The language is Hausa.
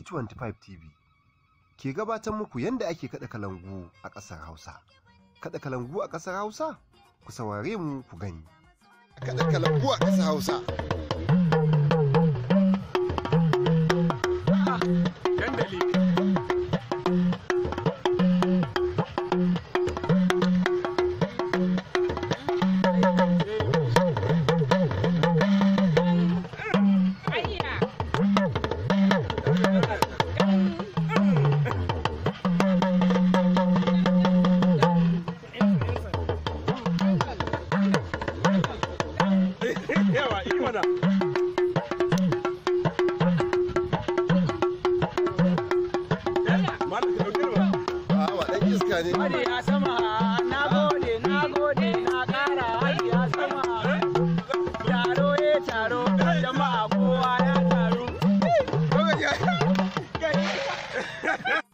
TV ke gabatar muku yadda ake kaɗa kalangu a ƙasar Hausa. Kaɗa kalangu a ƙasar Hausa? Ku saurare mu ku gani. Kaɗa kalangu a ƙasar Hausa. imana ne. ya sama na gode na gode na kara wani ya sama. Taro taro kowa ya